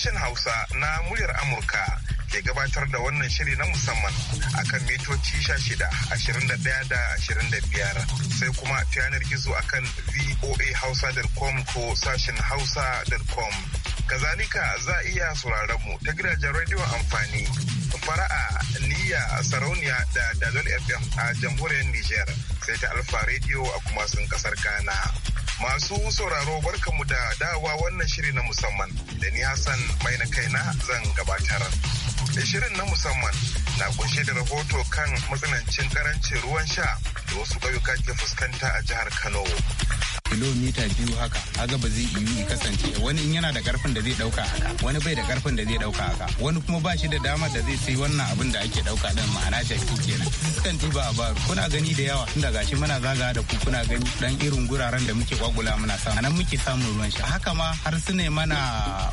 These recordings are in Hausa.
sashen Hausa na muryar Amurka ke gabatar da wannan shiri na musamman akan mitoci shida, ashirin da da biyar, sai kuma ta yanar gizo akan voahausa.com ko sashen hausa.com. Kazalika za a iya sauraron mu ta gidajen rediyon amfani fara'a niyya sarauniya da dalol fm a jamhuriyar Nijar sai ta alfa rediyo a kuma sun kasar Ghana. Masu sauraro barkamu da dawa wannan shiri na musamman. da ni Hassan mai na kaina zan gabatar. Da shirin na musamman na kunshe da rahoto kan matsanancin karancin ruwan sha da wasu ƙauyuka ke fuskanta a jihar Kano. kilomita biyu haka a ba zai yiwu ya kasance wani in yana da karfin da zai dauka haka wani bai da karfin da zai dauka haka wani kuma ba shi da dama da zai sai wannan abin da ake dauka din ma'ana ke kenan kan ba a baro kuna gani da yawa tun gashi muna zaga da ku kuna gani dan irin guraren da muke kwagula muna samu anan muke samun ruwan sha haka ma har su ne mana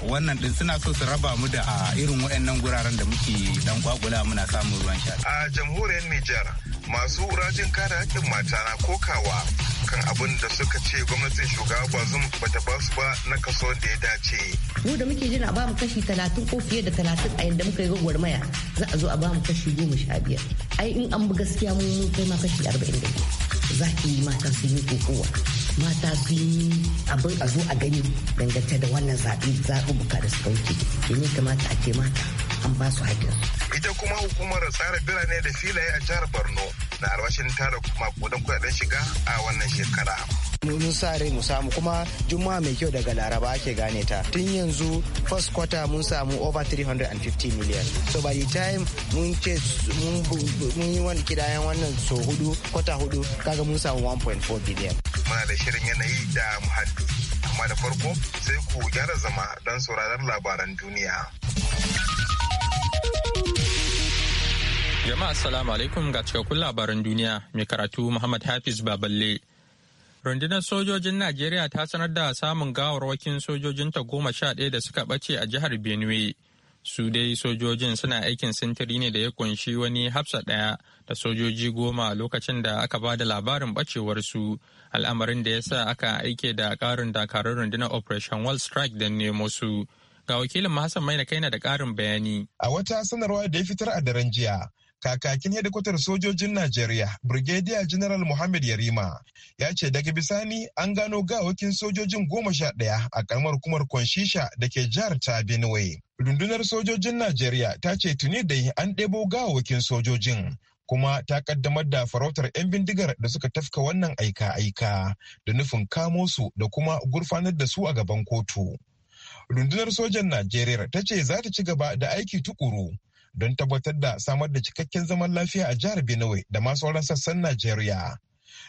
wannan din suna so su raba mu da ah, irin waɗannan guraren da muke dan kwagula muna samun ruwan sha a jamhuriyar Nijar masu rajin kare haƙƙin mata na kokawa kan abin da suka ce gwamnatin shugaba bazum bata ba su ba na kaso da ya dace. Mu da muke jin a ba mu kashi talatin ko fiye da talatin a yadda muka yi maya za a zo a ba mu kashi goma sha biyar. Ai in an bi gaskiya mu mun kai ma kashi arba'in da za ki yi mata sun yi kokowa. Mata sun yi abin a zo a gani dangance da wannan zaɓe zaɓuɓɓuka da suka wuce. Ya kamata a ce mata an ba su haƙƙin. Ita kuma hukumar tsara birane da filaye a jihar Borno na arwashin tara kuma makudan kudaden shiga a wannan shekara. Mun sa rai mu samu kuma juma'a mai kyau daga Laraba ake gane ta. Tun yanzu first quarter mun samu over 350 million. So by the time mun ce mun yi wani kidayen wannan so hudu kwata hudu kaga mun samu 1.4 billion. Muna da shirin yanayi da muhalli. Amma da farko sai ku gyara zama don sauraron labaran duniya. Jama'a assalamu alaikum ga cikakkun labaran duniya mai karatu Muhammad Hafiz Baballe. Rundunar sojojin Najeriya ta sanar da samun gawarwakin sojojinta goma sha ɗaya da suka ɓace a jihar Benue. Su dai sojojin suna aikin sintiri ne da ya kunshi wani hafsa ɗaya da sojoji goma lokacin da aka ba da labarin ɓacewarsu al'amarin da ya sa aka aike da ƙarin dakarun rundunar Operation Wall Strike don nemo su. Ga wakilin Hassan Maina kaina da ƙarin bayani. A wata sanarwa da ya fitar a daren jiya, kakakin hedikwatar sojojin Najeriya, Brigadier General Muhammad Yarima, ya ce daga bisani an gano gawakin sojojin goma sha ɗaya a karamar kumar Kwanshisha da ke jihar ta Benue. Rundunar sojojin Najeriya ta ce tuni dai an ɗebo gawakin sojojin. kuma ta kaddamar da farautar 'yan bindigar da suka tafka wannan aika-aika da nufin kamo su da kuma gurfanar da su a gaban kotu. Rundunar sojan Najeriya ta ce za ta ci gaba da aiki tukuru don tabbatar da samar da cikakken zaman lafiya a jihar Benue da ma sauran sassan Najeriya.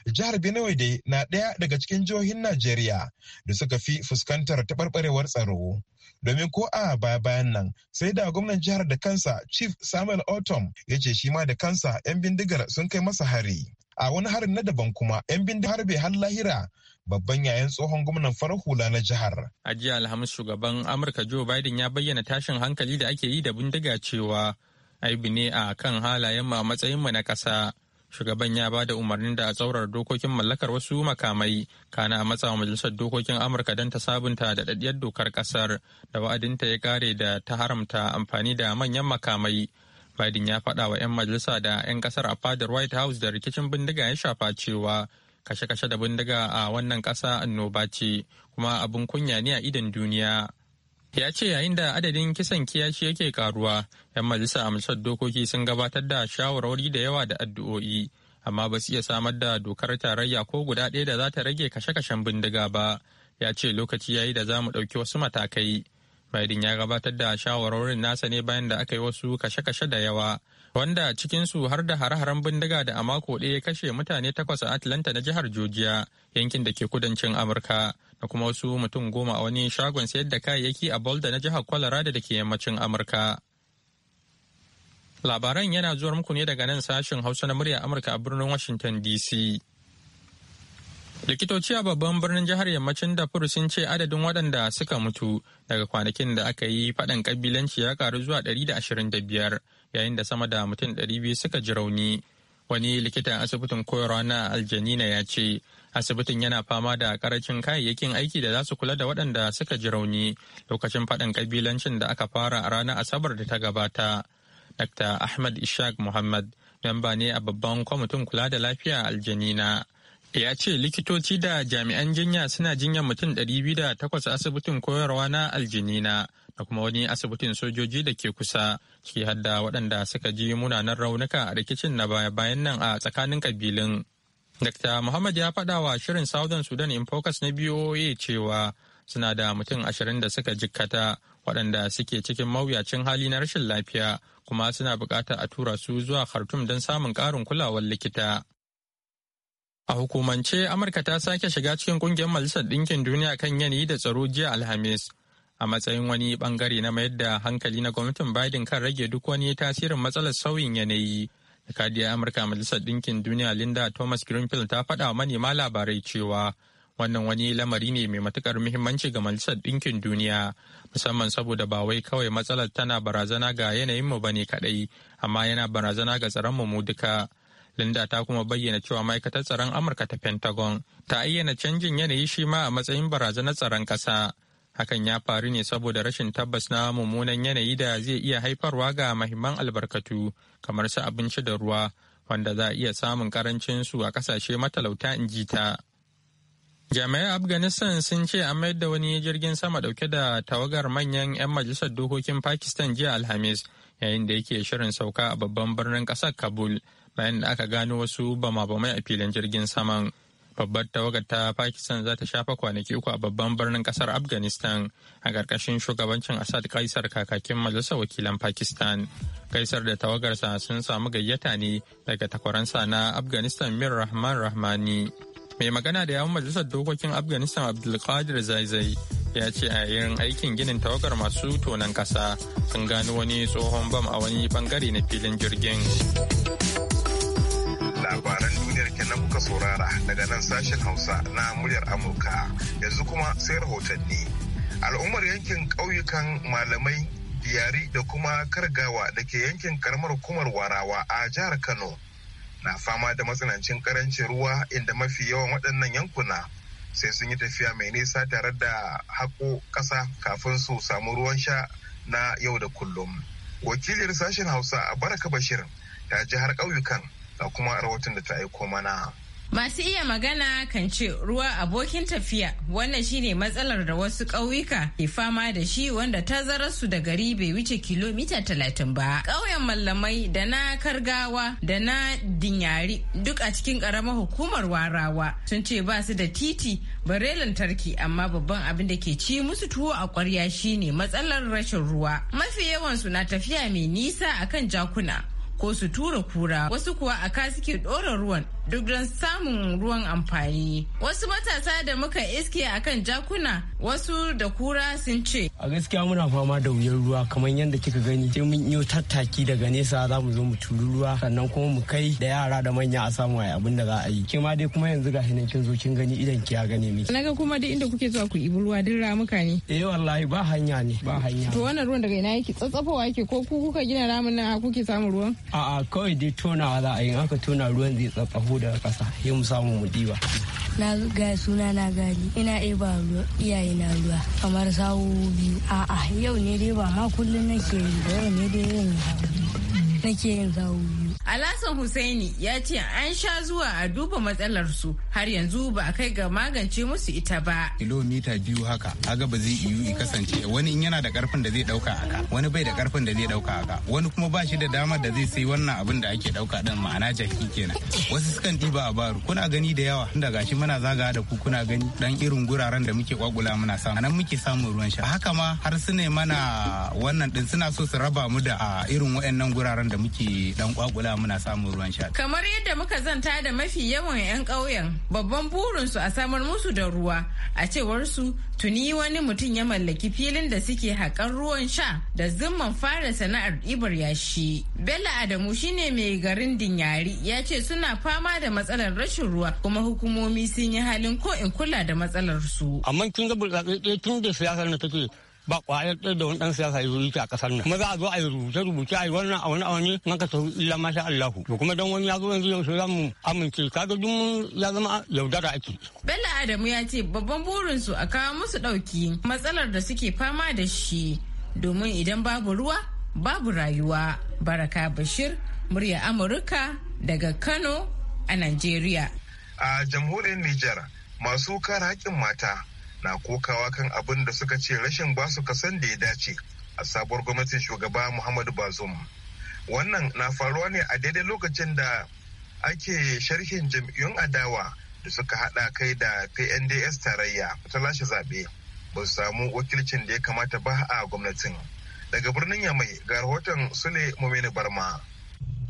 Jihar Benue dai na ɗaya daga cikin jihohin Najeriya da suka fi fuskantar taɓarɓarewar tsaro. Domin ko a baya bayan nan sai da gwamnan jihar da kansa Chief Samuel Otom ya ce shi ma da kansa 'yan bindigar sun kai masa hari. A wani harin na daban kuma 'yan bindigar harbe har lahira babban yayan tsohon gwamnan farar hula na jihar. A jiya Alhamis shugaban Amurka Joe Biden ya bayyana tashin hankali da ake yi da bindiga cewa aibi ne a kan halayen a matsayin mu na kasa. Shugaban ya ba da umarnin da a tsaurar dokokin mallakar wasu makamai kana a matsawa majalisar dokokin Amurka don ta sabunta da daɗaɗɗiyar dokar ƙasar da wa'adinta ya kare da ta haramta amfani da manyan makamai. Biden ya faɗa wa 'yan majalisa da 'yan ƙasar a fadar White House da rikicin bindiga ya shafa cewa kashe-kashe da bindiga a wannan ƙasa annoba ce kuma abin kunya ne a idan duniya ya ce yayin da adadin kisan kiyashi yake karuwa yan majalisa a majalisar dokoki sun gabatar da shawarwari da yawa da addu'o'i amma ba su iya samar da dokar tarayya ko guda ɗaya da za ta rage kashe-kashen bindiga ba ya ce lokaci yayi da zamu ɗauki wasu matakai Biden ya gabatar da shawarwarin nasa ne bayan da aka yi wasu kashe-kashe da yawa wanda cikinsu har da hare-haren bindiga da a mako ɗaya ya kashe mutane takwas a Atlanta na jihar Georgia yankin da ke kudancin Amurka da kuma wasu mutum goma a wani shagon sayar da kayayyaki a Boulder na jihar Colorado da ke yammacin Amurka. Labaran yana zuwa muku ne daga nan sashen Hausa na murya Amurka a birnin Washington DC. Likitoci a babban birnin jihar yammacin dafur sun ce adadin waɗanda suka mutu daga kwanakin da aka yi faɗan kabilanci ya ƙaru zuwa 125 yayin da sama da mutum biyu suka ji rauni wani likitan asibitin koyarwa na aljanina ya ce asibitin yana fama da karancin kayayyakin aiki da za su kula da waɗanda suka ji rauni lokacin faɗin ƙabilancin da aka fara a ranar asabar da ta gabata dr ahmad ishaq muhammad memba ne a babban kwamitin kula da lafiya aljanina ya ce likitoci da jami'an jinya suna jinyar mutum biyu da takwas asibitin koyarwa na aljanina da kuma wani asibitin sojoji da ke kusa ciki hadda waɗanda suka ji munanan raunuka a rikicin na baya bayan nan a tsakanin kabilun. Dr. Muhammad ya faɗa wa shirin Southern Sudan in Focus na BOA cewa suna da mutum ashirin da suka jikkata waɗanda suke cikin mawuyacin hali na rashin lafiya kuma suna buƙatar a tura su zuwa Khartoum don samun ƙarin kulawar likita. A hukumance, Amurka ta sake shiga cikin kungiyar Majalisar Ɗinkin Duniya kan yanayi da tsaro jiya Alhamis, a matsayin wani bangare na mayar da hankali na gwamnatin Biden kan rage duk wani tasirin matsalar sauyin yanayi. Jakadiyar Amurka Majalisar Ɗinkin Duniya Linda Thomas Greenfield ta faɗa wa manema labarai cewa wannan wani lamari ne mai matukar muhimmanci ga Majalisar Ɗinkin Duniya musamman saboda ba wai kawai matsalar tana barazana ga yanayinmu ba ne kaɗai amma yana barazana ga tsaronmu mu duka. Linda ta kuma bayyana cewa ma'aikatar tsaron Amurka ta Pentagon ta ayyana canjin yanayi shi ma a matsayin barazanar tsaron ƙasa. hakan ya faru ne saboda rashin tabbas na mummunan yanayi da zai iya haifarwa ga mahimman albarkatu kamar su abinci da ruwa wanda za a iya samun karancin su a kasashe matalauta in ji ta jami'ai afghanistan sun ce an mayar da wani jirgin sama dauke da tawagar manyan 'yan majalisar dokokin pakistan jiya alhamis yayin da yake shirin sauka a babban birnin kasar kabul bayan da aka gano wasu bama-bamai a filin jirgin saman babbar tawagar ta pakistan za ta shafa kwanaki uku a babban birnin kasar afghanistan a ƙarƙashin shugabancin asad kaisar kakakin majalisar wakilan pakistan kaisar da tawagarsa sun samu gayyata ne daga takwaransa na afghanistan mir rahman rahmani mai magana da yawon majalisar dokokin afghanistan abdulkadir zaizai ya ce a irin aikin ginin tawagar masu tonan kasa sun gano wani tsohon bam a wani bangare na filin jirgin labaran duniyar kenan kuka saurara daga nan sashen hausa na muryar amurka yanzu kuma sai rahotanni al'ummar yankin ƙauyukan malamai biyari da kuma kargawa da ke yankin karamar hukumar warawa a jihar kano na fama da matsanancin karancin ruwa inda mafi yawan waɗannan yankuna sai sun yi tafiya mai nisa tare da haƙo ƙasa kafin su samu ruwan sha na yau da kullum wakilin sashen hausa a baraka bashir ta ji har ƙauyukan da kuma rahoton da ta aiko mana. Masu iya magana kan ce ruwa abokin tafiya wannan shine matsalar da wasu ƙauyuka ke fama da shi wanda ta tazararsu da gari bai wuce kilomita talatin ba. Ƙauyen mallamai da na kargawa da na dinyari duk a cikin ƙaramar hukumar warawa sun ce ba su da titi bare lantarki amma babban abin da ke ci musu tuwo a ƙwarya shine matsalar rashin ruwa. Mafi yawansu na tafiya mai nisa akan jakuna. ko su tura kura wasu kuwa a ka suke ɗora ruwan duk don samun ruwan amfani wasu matasa da muka iske a kan jakuna wasu da kura sun ce a gaskiya muna fama da wuyar ruwa kamar yadda kika gani sai mun yi tattaki daga nesa za mu zo mu turi ruwa sannan kuma mu kai da yara da manya a samu ayi abin da za a yi ke ma dai kuma yanzu ga hinan kin zo kin gani idan ki ya gane miki naga kuma dai inda kuke zuwa ku ibi ruwa duk ramuka ne eh wallahi ba hanya ne ba hanya to wannan ruwan daga ina yake tsatsafowa yake ko ku kuka gina ramin nan kuke samun ruwan A'a kawai dai tonawa za a yi aka tona ruwan zai tsatsaho daga ƙasa ya mu samu mu diba. Na ga suna na gani ina ba ruwa iyaye na ruwa kamar sawu biyu. A'a yau ne dai ba ma kullum nake yi ba yau ne dai yin nake yin sawu biyu. Alasan Husaini ya ce an sha zuwa a duba matsalar su har yanzu ba a kai ga magance musu ita ba. Kilomita biyu haka aga ba zai iyu i kasance wani in yana da karfin da zai dauka aka wani bai da karfin da zai dauka aka wani kuma ba shi da damar da zai sai wannan abin da ake dauka din ma'ana jaki kenan. Wasu sukan ɗiba a baro kuna gani da yawa da gashi muna zaga da ku kuna gani dan irin guraren da muke kwakula muna samu anan muke samun ruwan sha haka ma har su ne mana wannan din suna so su raba mu da irin waɗannan guraren da muke dan kwakula muna samun ruwan sha. Kamar yadda muka zanta da mafi yawan 'yan ƙauyen babban burinsu a samar musu da ruwa a cewar su tuni wani mutum ya mallaki filin da suke haƙar ruwan sha da zumman fara sana'ar ibar yashi. Bello Adamu shine mai garin Dinyari ya ce suna fama da matsalar rashin ruwa kuma hukumomi sun yi halin ko in kula da matsalar su. Amma kin ga eh, eh, tun da siyasar na take ba kwayar da wani dan siyasa ya zuci a kasar nan maza a zo a yi rubuce rubuce a yi wannan a wani a wani ka illa masha Allahu to kuma dan wani ya zo yanzu yau za mu amince kaga duk mun ya zama yaudara ake Bello Adamu ya ce babban burin su a kawo musu ɗauki matsalar da suke fama da shi domin idan babu ruwa babu rayuwa Baraka Bashir murya Amurka daga Kano a Najeriya a jamhuriyar Nijar masu kare haƙƙin mata na kokawa kan abin da suka ce rashin basu kasan da ya dace a sabuwar gwamnatin shugaba muhammadu bazum wannan na faruwa ne a daidai lokacin da ake sharhin jam'iyyun adawa da suka hada kai da pnds tarayya ta lashe zaɓe ba su samu wakilcin da ya kamata ba a gwamnatin daga birnin yamai ga rahoton sule mumini barma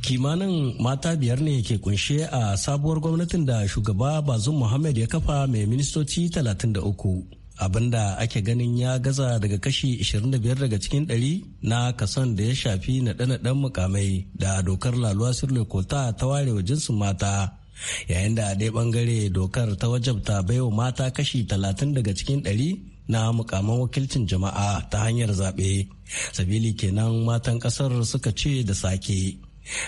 kimanin mata biyar ne ke kunshe a sabuwar gwamnatin da shugaba bazum muhammad ya kafa mai ministoci 33 abinda ake ganin ya gaza daga kashi 25 daga cikin 100 na kason da ya shafi naɗe-naɗen mukamai da dokar laluwa sirle kota ta ware wa jinsin mata yayin da a ɗaya ɓangare dokar ta wajabta baiwa mata kashi 30 daga cikin 100 na mukaman wakilcin jama'a ta hanyar zaɓe sabili kenan matan ƙasar suka ce da sake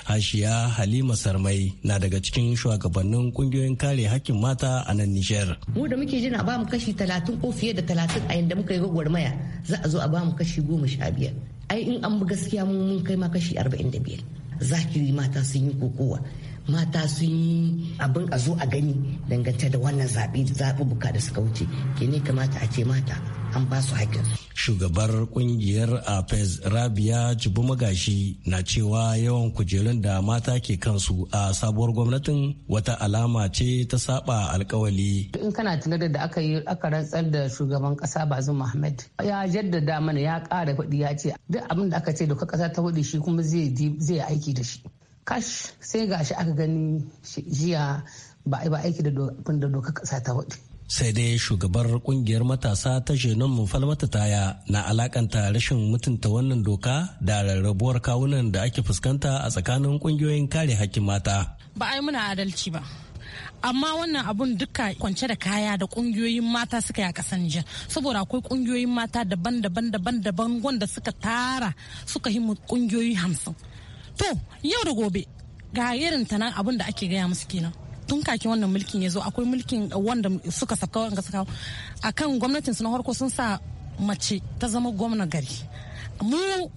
Hashiya Halima Sarmai na daga cikin shugabannin kungiyoyin kare hakkin mata a nan Nijar. Mu da muke jin a bamu kashi talatin ko fiye da talatin a yanda muka yi gwagwarmaya za a zo a bamu kashi goma sha biyar. Ai in an bi gaskiya mun kai ma kashi arba'in da biyar. Zakiri mata sun yi kokowa. mata sun yi abin a zo a gani dangance da wannan zaɓe zaɓuɓɓuka da suka wuce ke ne kamata a ce mata an ba su su. Shugabar ƙungiyar APES Rabia Jibu Magashi na cewa yawan kujerun da mata ke kansu a sabuwar gwamnatin wata alama ce ta saba alkawali. In kana tunatar da aka yi aka rantsar da shugaban ƙasa Bazum Mohammed ya jaddada mana ya ƙara kuɗi ya ce duk abin da aka ce doka kasa ta kuɗi shi kuma zai zai aiki da shi. Kash sai gashi aka gani jiya ba a aiki da doka kasa ta kuɗi. sai dai shugabar kungiyar matasa ta jenon mufal taya na alakanta rashin mutunta wannan doka da rarrabuwar kawunan da ake fuskanta a tsakanin kungiyoyin kare hakkin mata ba a yi muna adalci ba amma wannan abun duka kwance da kaya da kungiyoyin mata suka ya kasan jin saboda akwai kungiyoyin mata daban-daban daban-daban wanda suka tara suka yi kungiyoyi hamsin to yau da gobe ga irin ta nan abun da ake gaya musu kenan tun kake wannan mulkin ya zo akwai mulkin uh, wanda suka saka wanda suka akan gwamnatin su na harko sun sa mace ta zama gwamna gari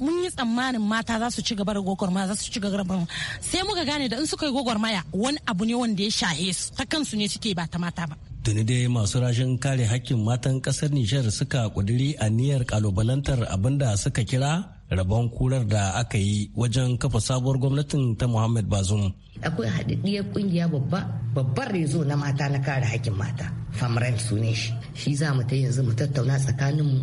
mun yi tsammanin mata za su ci gaba da gwagwarmaya za su ci gaba da sai muka gane da in suka yi gwagwarmaya wani abu ne wanda ya shahe su ta kansu ne suke ba ta mata ba tuni dai masu rashin kare hakkin matan kasar nijar suka kuduri niyyar kalubalantar abinda suka kira rabon kurar da aka yi wajen kafa sabuwar gwamnatin ta muhammad bazum akwai haɗaɗɗiyar ƙungiya babba babbar rezo na mata na kare hakkin mata famran sune shi shi za mu ta yanzu mu tattauna tsakaninmu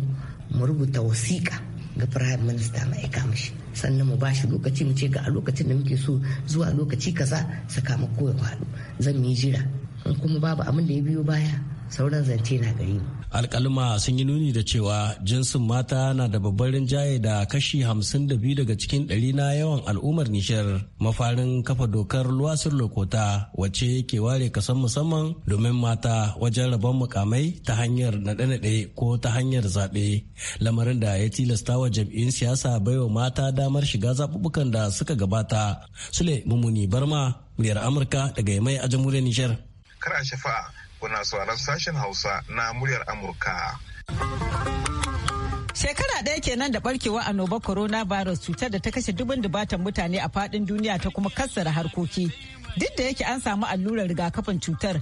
mu rubuta wasiƙa ga prime minister mai aika mishi sannan mu bashi lokaci mu ce ga a lokacin da muke so zuwa lokaci kaza sakamako ya faɗo zan yi jira in kuma babu abin da ya biyo baya sauran zance na gari mu alkalma sun yi nuni da cewa jinsin mata na da babban rinjaye da kashi 52 daga cikin ɗari na yawan al'ummar nishar mafarin kafa dokar luwasir lokota wacce ke ware kasan musamman domin mata wajen rabon mukamai ta hanyar naɗe-naɗe ko ta hanyar zaɓe lamarin da ya tilasta wa jam'iyyun siyasa baiwa mata damar shiga zaɓuɓɓukan da suka gabata sule mummuni barma muryar amurka daga mai a jamhuriyar nishar kuna sauraron sashen Hausa na muryar Amurka. Shekara ɗaya kenan da barkewa corona virus cutar da ta kashe dubin dubatan mutane a faɗin duniya ta kuma kassara harkoki. Duk da yake an samu allurar rigakafin cutar,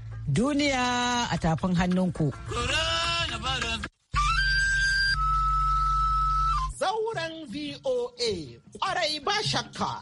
duniya a tafin hannunku. Zauren VOA, ƙwarai ba shakka.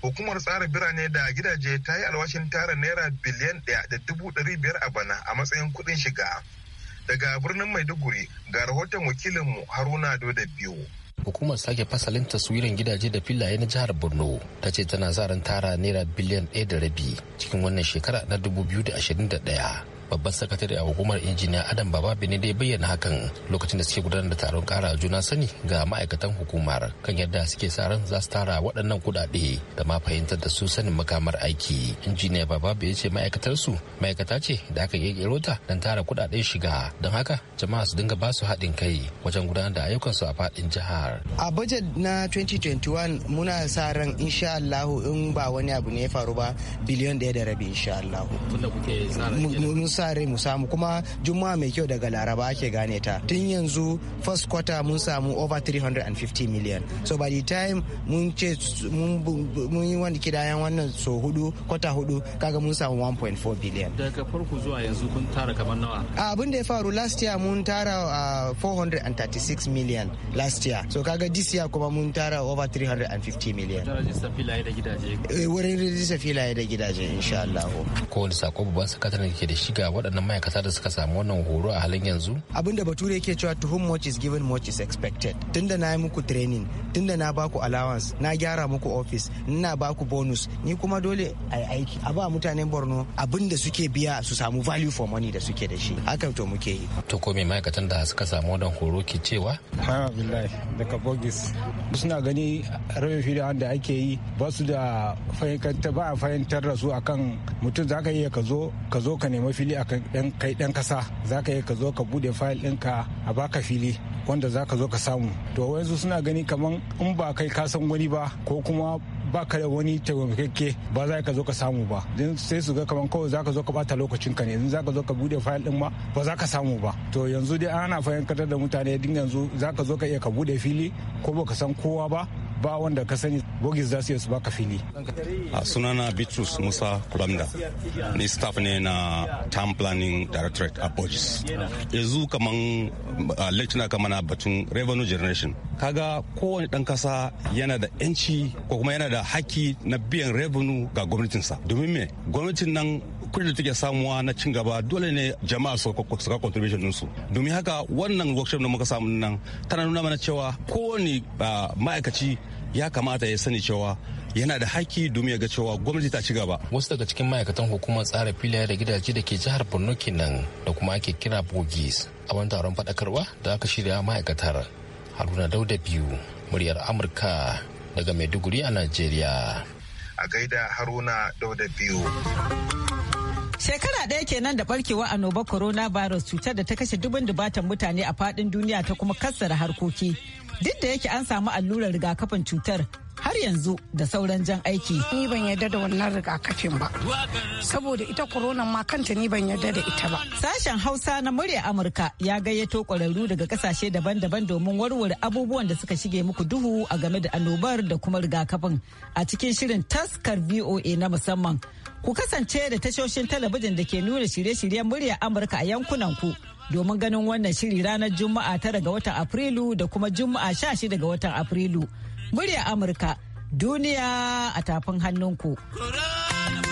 Hukumar tsara birane da gidaje ta yi alwashin tara naira biliyan ɗaya da dubu dari biyar a bana a matsayin kudin shiga. Daga birnin Maiduguri ga rahoton wakilinmu Haruna da biyu. hukumar sake fasalin taswirin gidaje da filaye na jihar borno ta ce tana zaran tara naira biliyan ɗaya da rabi cikin wannan shekara na 2021 babban sakatare a hukumar injiniya adam baba bene dai bayyana hakan lokacin da suke gudanar da taron kara juna sani ga ma'aikatan hukumar kan yadda suke sa ran za su tara waɗannan kuɗaɗe da ma fahimtar da su sanin makamar aiki injiniya baba ya ce ma'aikatar su ma'aikata ce da aka kirkiro ta don tara kuɗaɗen shiga don haka jama'a su dinga ba su haɗin kai wajen gudanar da ayyukan su a faɗin jihar a bajet na 2021 muna sa ran insha Allahu in ba wani abu ne ya faru ba biliyon ɗaya da rabi insha Allahu sa rai mu samu kuma juma'a mai kyau daga laraba ake gane ta tun yanzu first quarter mun samu over 350 million so by the time mun ce mun yi wani kidayen wannan so hudu kwata hudu kaga mun samu 1.4 billion daga farko zuwa yanzu kun tara kamar nawa abin da ya faru last year mun tara 436 uh, million last year so kaga this year kuma mun tara over 350 million eh, wurin rijista filaye da gidaje insha Allah ko wani sako babban sakataren da ke da shiga waɗannan ma'aikata da suka samu wannan horo a halin yanzu? Abin da Bature yake cewa to whom much is given much is expected. Tunda na yi muku training, tunda na baku allowance, na gyara muku office, na baku bonus, ni kuma dole a yi aiki. A ba mutanen Borno abin da suke biya su samu value for money da suke da shi. Haka to muke yi. To ko me ma'aikatan da suka samu wannan horo ke cewa? Ha billahi daga Bogis. Suna gani rabin filin da ake yi ba su da fahimtar ba a fahimtar da su akan mutum za ka iya ka zo ka zo ka nemi fili akan kai ɗan kasa za ka yi ka zo ka buɗe fayil ɗinka a baka fili wanda za ka zo ka samu to wayansu suna gani kaman in ba kai ka san wani ba ko kuma ba ka da wani taimakakke ba za ka zo ka samu ba din sai su ga kaman kawai za ka zo ka bata lokacin ka ne in za ka zo ka bude fayil din ma ba za ka samu ba to yanzu dai ana fahimtar da mutane din yanzu za ka zo ka iya ka bude fili ko ba ka san kowa ba ba wanda ka sani bogis za su su baka fili a sunana bitrus musa kulamda ni staff ne na town planning directorate a bogis yanzu kaman lecturer kama na batun revenue generation kaga kowane dan kasa yana da yanci ko kuma yana da haki na biyan revenue ga gwamnatinsa domin me gwamnatin nan kudin da take samuwa na cin gaba dole ne jama'a su ka contribution ɗinsu domin haka wannan workshop da muka samu nan tana nuna mana cewa kowane ma'aikaci ya kamata ya sani cewa yana da haƙƙi domin ya ga cewa gwamnati ta ci gaba. Wasu daga cikin ma'aikatan hukumar tsara filaye da gidaje da ke jihar Borno kenan da kuma ake kira Bogis a wani taron faɗakarwa da aka shirya ma'aikatar Haruna Dauda biyu muryar Amurka daga Maiduguri a Najeriya. A gaida Haruna Dauda biyu. Shekara ɗaya kenan da barkewa corona virus cutar da ta kashe dubin dubatan mutane a faɗin duniya ta kuma kassara harkoki. Duk da yake an samu allurar rigakafin cutar har yanzu da sauran jan aiki. Ni ban yarda da wannan rigakafin ba. Saboda ita corona ma kanta ni ban yarda da ita ba. Sashen Hausa na murya Amurka ya gayyato ƙwararru daga ƙasashe daban-daban domin warware abubuwan da suka shige muku duhu a game da annobar da kuma rigakafin a cikin shirin taskar VOA na musamman. Ku kasance da tashoshin talabijin da ke nuna shirye-shiryen muryar Amurka a yankunan ku domin ganin wannan shiri ranar Juma'a tara ga watan Afrilu da kuma Juma'a sha shida ga watan Afrilu. Muryar Amurka duniya a tafin hannunku. ku.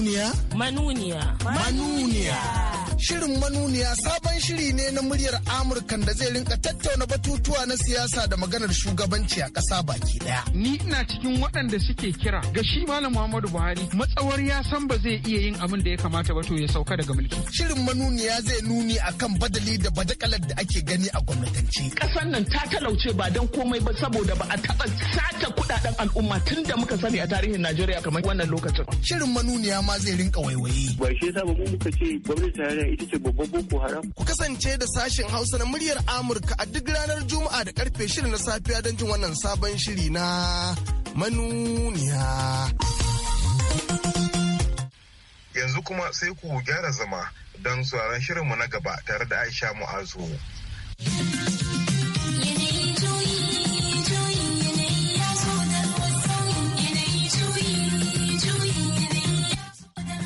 manuniya? Manuniya. Manuniya. Shirin manuniya sabon shiri ne na muryar amurka da zai rinka tattauna batutuwa na siyasa da maganar shugabanci a ƙasa baki ɗaya. Ni ina cikin waɗanda suke kira ga shi Malam Muhammadu Buhari matsawar ya san ba zai iya yin abin da ya kamata ba to ya sauka daga mulki. Shirin manuniya zai nuni akan badali da badakalar da ake gani a gwamnatance. Ƙasar nan ta talauce ba don komai ba saboda ba a taɓa sace kudaden al'umma tun da muka sani a tarihin Najeriya kamar wannan lokacin. Shirin manuniya ma zai rinka waiwaye. Ba shi yasa ba mu muka ce gwamnati tarayya ita ce babban boko haram. Ku kasance da sashen Hausa na muryar Amurka a duk ranar Juma'a da karfe shirin na safiya don jin wannan sabon shiri na manuniya. Yanzu kuma sai ku gyara zama don sauraron shirinmu na gaba tare da Aisha Mu'azu.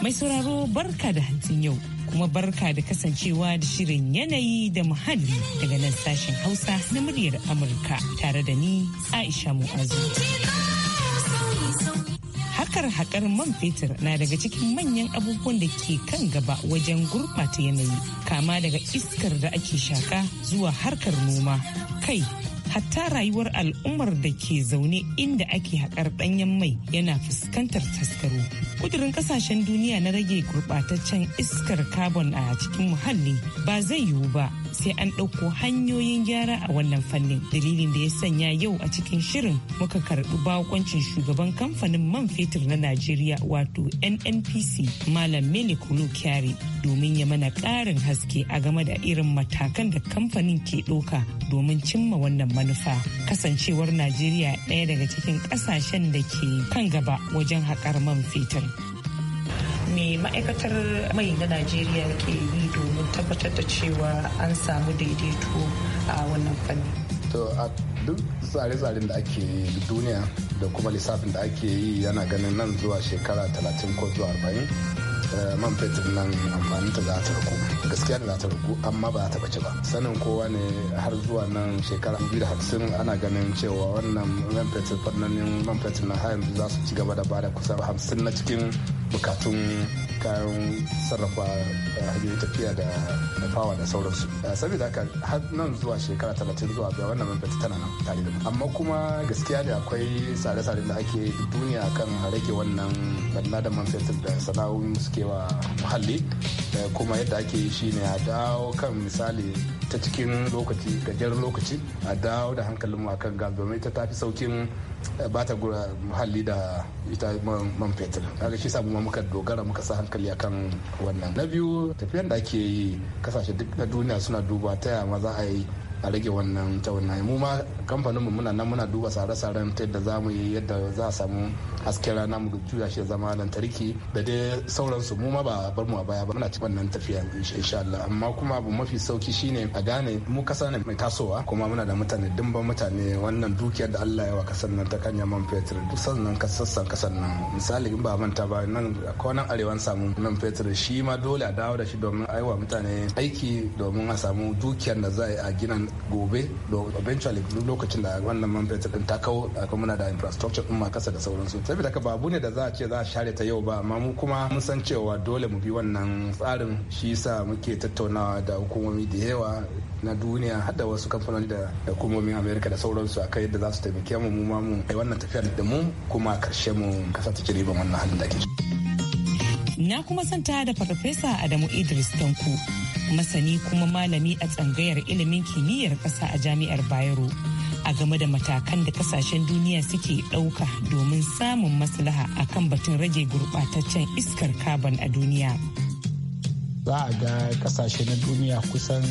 Mai sauraro barka da hantsin yau kuma barka da kasancewa da shirin yanayi da muhalli daga nan sashen Hausa na muryar Amurka tare da ni Aisha Mu'azu. Hakar hakar man fetur na daga cikin manyan abubuwan da ke kan gaba wajen gurɓata yanayi kama daga iskar da ake shaka zuwa harkar noma kai hatta rayuwar al'ummar da ke zaune inda ake haƙar ɗanyen mai yana fuskantar taskaro kudirin kasashen duniya na rage gurbataccen iskar carbon a cikin muhalli ba zai yiwu ba sai an ɗauko hanyoyin gyara a wannan fannin dalilin da ya sanya yau a cikin shirin muka karɓi bakoncin shugaban kamfanin man fetur na najeriya wato nnpc malam mele kulu kyari domin ya mana ƙarin haske a game da irin matakan da kamfanin ke ɗauka domin cimma wannan manufa kasancewar najeriya ɗaya daga cikin ƙasashen da ke kan gaba wajen haƙar man fetur mai me ma'aikatar mai na najeriya ke yi domin tabbatar da cewa an samu daidaito a wannan fanni to a duk tsare-tsaren da ake yi duniya da kuma lissafin da ake yi yana ganin nan zuwa shekara 30 ko zuwa 40 eh, man fetur nan amfani ta za ta gaskiya da zata ta amma ba za ta bace ba sanin kowa ne har zuwa nan shekara hamsin ana ganin cewa wannan man fetur fannanin man fetur na har za su ci gaba da bada kusa. 50 na cikin bukatun kayan sarrafa eh, hanyoyin tafiya da fawa da sauransu eh, saboda haka har nan zuwa shekara talatin zuwa biyar wannan manfata tana nan tare da mu amma kuma gaskiya ne akwai tsare-tsare da ake duniya kan rage wannan barna da man fetur da sana'o'in suke wa muhalli eh, kuma yadda ake shi ne a dawo kan misali ta cikin lokaci gajeren lokaci a dawo da hankalinmu akan gas domin ta tafi saukin Eh, ba ta gura muhalli da ita man fetur daga shi samu muka dogara muka sa hankali akan wannan na biyu tafiyan da ake yi kasashe duk na duniya suna duba ta yaya ma za a yi a rage wannan tawannaye mu ma kamfaninmu muna nan muna duba tsare-tsaren ta yadda za mu yi yadda za a samu hasken rana mu juya shi zama lantarki da dai sauransu mu ma ba bar mu a baya ba muna ci wannan tafiya insha Allah amma kuma abu mafi sauki shine a gane mu kasa ne mai tasowa kuma muna da mutane dimban mutane wannan dukiyar da Allah ya wa kasar nan ta kanya man fetur duk sannan kasassan kasar nan misali in ba manta ba nan kwanan arewan samu man fetur shi ma dole a dawo da shi domin aiwa mutane aiki domin a samu dukiyar da za a gina gobe eventually lokacin da wannan man fetur din ta kawo akwai muna da infrastructure din ma kasa da sauransu saboda haka babu ne da za a ce za a share ta yau ba amma mu kuma mun san cewa dole mu bi wannan tsarin shi yasa muke tattaunawa da hukumomi da yawa na duniya har da wasu kamfanoni da hukumomin amerika da sauransu a yadda za su taimake mu mu ma mu ai wannan tafiyar da mu kuma karshe mu kasa ta riban wannan halin da ke. na kuma santa da farfesa adamu idris tanku masani kuma malami a tsangayar ilimin kimiyyar ƙasa a jami'ar bayero a game da matakan da kasashen duniya suke ɗauka domin samun maslaha a kan batun rage gurɓataccen iskar carbon a duniya za a ga kasashe na duniya kusan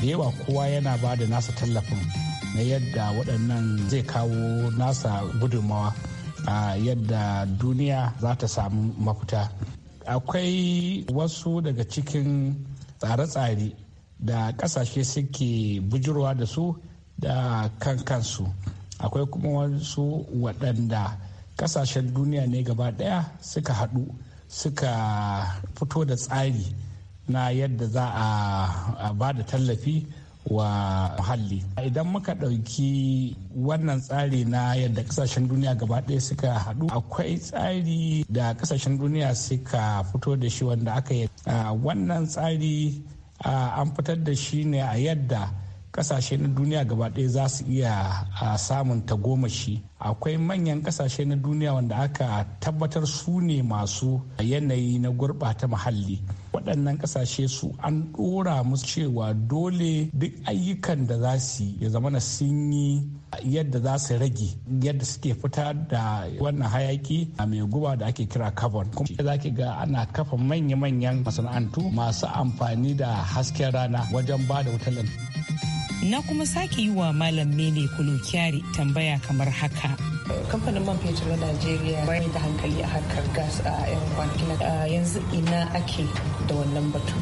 da yawa kowa yana ba da nasa tallafin na yadda waɗannan zai kawo nasa gudunmawa a yadda duniya za ta samu mafita akwai wasu daga cikin tsare-tsare da kasashe suke bujurwa da su da kan kansu akwai kuma wasu waɗanda kasashen duniya ne gaba ɗaya suka haɗu suka fito da tsari na yadda za a ba da tallafi wa muhalli idan muka ɗauki wannan tsari na yadda kasashen duniya gaba ɗaya suka haɗu akwai tsari da kasashen duniya suka fito da shi wanda aka yi ah, wannan tsari ah, an fitar da shi ne a yadda kasashe na duniya gaba ɗaya za su iya samun tagomashi akwai manyan kasashe na duniya wanda aka tabbatar su ne masu yanayi na gurɓata muhalli waɗannan kasashe su an ɗora musu cewa dole duk ayyukan da za su yi ya na sun yi yadda za su rage yadda suke fita da wannan hayaki a mai guba da ake kira carbon kuma za ga ana kafa manya-manyan masana'antu masu amfani da hasken rana wajen ba da wutar lantarki na kuma sake yi wa malam mele kolokyari tambaya kamar haka kamfanin man fetur na najeriya bayan da hankali a harkar gas a yan kwanakin yanzu ina ake da wannan batu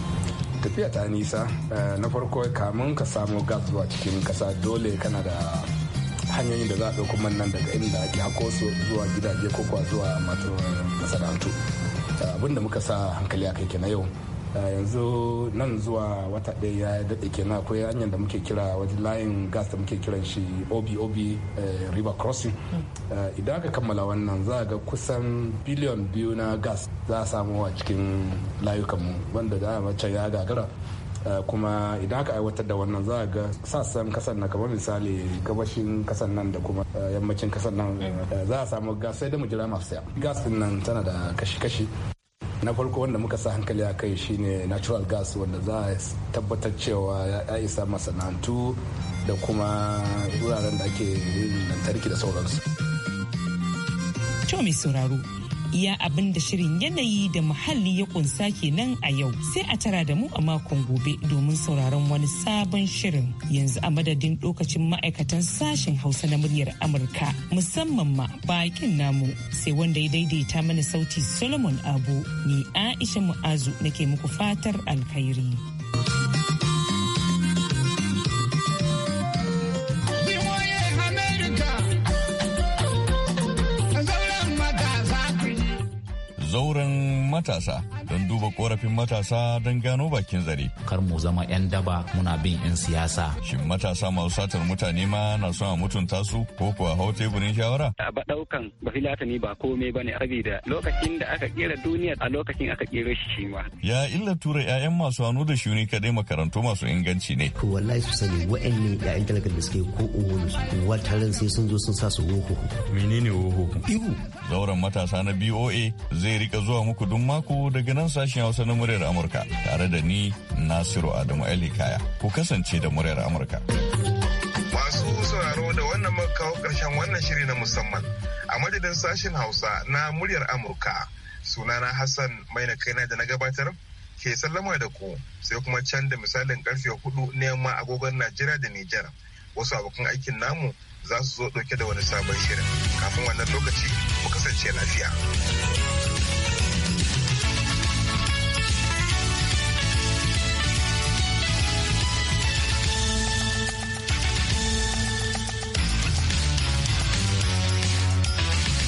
tafiya ta nisa eh, na farko kamun ka samu gas zuwa cikin kasa dole kana da hanyoyin da za a ɗauko man nan daga inda ake hako su zuwa gidaje ko kuwa zuwa masu masana'antu abin da muka sa hankali a kai na yau Eh, yanzu nan zuwa wata ɗaya ya daɗe kenan akwai hanyar da muke kira wajen layin gas da muke kiran shi obob eh, river crossing hmm. eh, idan aka kammala wannan za a ga kusan biliyon biyu na gas za a samu a cikin layukanmu wanda da can ya gagara kuma idan aka aiwatar da wannan za a ga sassan kasar na kamar misali gabashin kasar nan da kuma yammacin kasar nan hmm. za a samu gas sai da mu jira masu saya gas nan tana da kashi-kashi na farko wanda muka sa hankali a kai shine natural gas wanda za a tabbatar cewa ya isa masana'antu da kuma wuraren da ake yin lantarki da sauransu. mai sauraro iya abin da shirin yanayi da muhalli ya kunsa kenan a yau sai a tara da mu a makon gobe domin sauraron wani sabon shirin yanzu a madadin lokacin ma'aikatan sashen hausa na muryar amurka musamman ma bakin namu sai wanda ya daidaita mana sauti solomon abu ni aisha mu'azu nake muku fatar alkhairi 这是。don duba korafin matasa don gano bakin zare. Kar mu zama 'yan daba muna bin 'yan siyasa. Shin matasa masu satar mutane ma na son a mutunta su ko kuwa hau teburin shawara? Ba ɗaukan ba ba komai ba ne da lokacin da aka kera duniya a lokacin aka kera shi shi ma. Ya illa tura 'ya'yan masu hannu da shuni kadai makarantu masu inganci ne. Ko wallahi su sani wa'annan 'ya'yan talakar da suke ko uwan su wataran sai sun zo sun sa su woho. Menene woho? Ihu. Zauren matasa na BOA zai rika zuwa muku duk mako daga nan sashen Hausa na muryar Amurka tare da ni Nasiru Adamu Elikaya. Ku kasance da muryar Amurka. Masu sauraro da wannan makawo karshen wannan shiri na musamman a madadin sashen Hausa na muryar Amurka. Sunana Hassan mai na kaina da na gabatar ke sallama da ku sai kuma can da misalin karfe hudu na yamma agogon Najeriya da Nijar. Wasu abokan aikin namu za su zo ɗauke da wani sabon shirin. Kafin wannan lokaci ku kasance lafiya.